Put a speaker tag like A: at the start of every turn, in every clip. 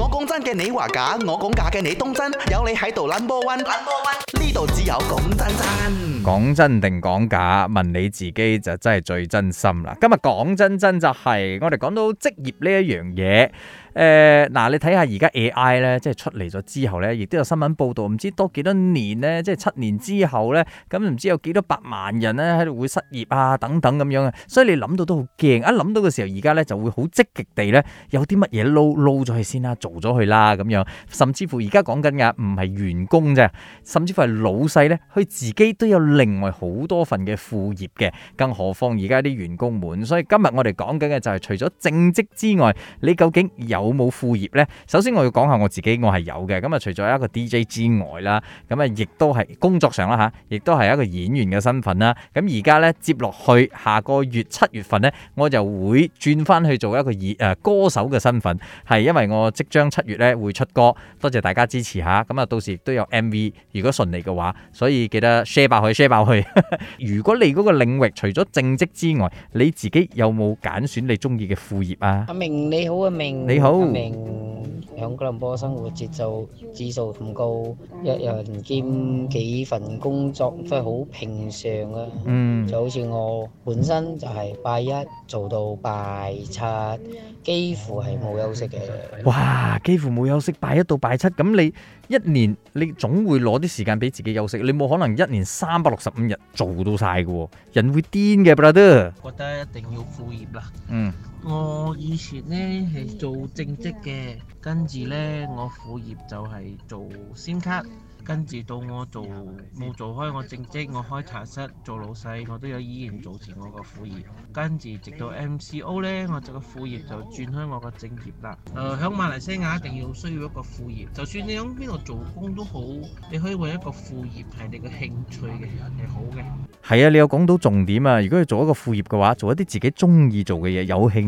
A: 我講真嘅，你話假；我講假嘅，你當真。有你喺度 number one，number one，呢度只有講真真。講真定講假，問你自己就真係最真心啦。今日講真真就係我哋講到職業呢一樣嘢。誒嗱、呃，你睇下而家 AI 咧，即係出嚟咗之後咧，亦都有新聞報道，唔知多幾多年咧，即係七年之後咧，咁唔知有幾多百萬人咧喺度會失業啊等等咁樣啊，所以你諗到都好驚，一諗到嘅時候現在呢，而家咧就會好積極地咧，有啲乜嘢撈撈咗去先啦，做咗佢啦咁樣。甚至乎而家講緊嘅唔係員工啫，甚至乎係老細咧，佢自己都有另外好多份嘅副業嘅，更何況而家啲員工們。所以今日我哋講緊嘅就係除咗正職之外，你究竟有有冇副業呢？首先我要講下我自己，我係有嘅。咁啊，除咗一個 DJ 之外啦，咁啊，亦都係工作上啦吓，亦都係一個演員嘅身份啦。咁而家呢，接落去下個月七月份呢，我就會轉翻去做一個演誒歌手嘅身份，係因為我即將七月呢會出歌，多謝大家支持吓。咁啊，到時亦都有 MV，如果順利嘅話，所以記得 share 爆去 share 爆去。去 如果你嗰個領域除咗正職之外，你自己有冇揀選你中意嘅副業啊？阿
B: 明你好啊明明
A: 響吉隆坡生活節奏指數唔高，一人兼幾份工作都係好平常啊。嗯，就好似我本身就係拜一做到拜七，幾乎係冇休息嘅。哇，幾乎冇休息，拜一到拜七，咁你一年你總會攞啲時間俾自己休息，你冇可能一年三百六十五日做到曬㗎喎，人會癲嘅，brother。我覺得一定要副業啦。嗯。我以前呢
C: 係做正職嘅，跟住呢我副業就係做先卡，跟住到我做冇做開我正職，我開茶室做老細，我都有依然做住我個副業。跟住直到 MCO 呢，我個副業就轉向我個正業啦。誒、呃，響馬來西亞一定要需要一個副業，就算你響邊度做工都好，你可以揾一個副業係
B: 你嘅興趣嘅，人你好嘅。
A: 係啊，你有講到重點啊！如果你做一個副業嘅話，做一啲自己中意做嘅嘢，有興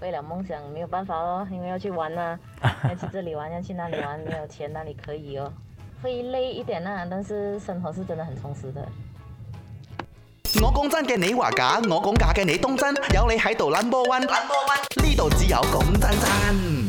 B: 為了夢想，沒有辦法嘍，因為要去玩呐、啊， 要去這裏玩，要去那裏玩，沒有錢哪裏可以哦，會累一點呐、啊，但是生活是真的很充實的。
A: 我講真嘅，你話假；我講假嘅，你當真。有你喺度，number one，number one 呢度只有咁真真。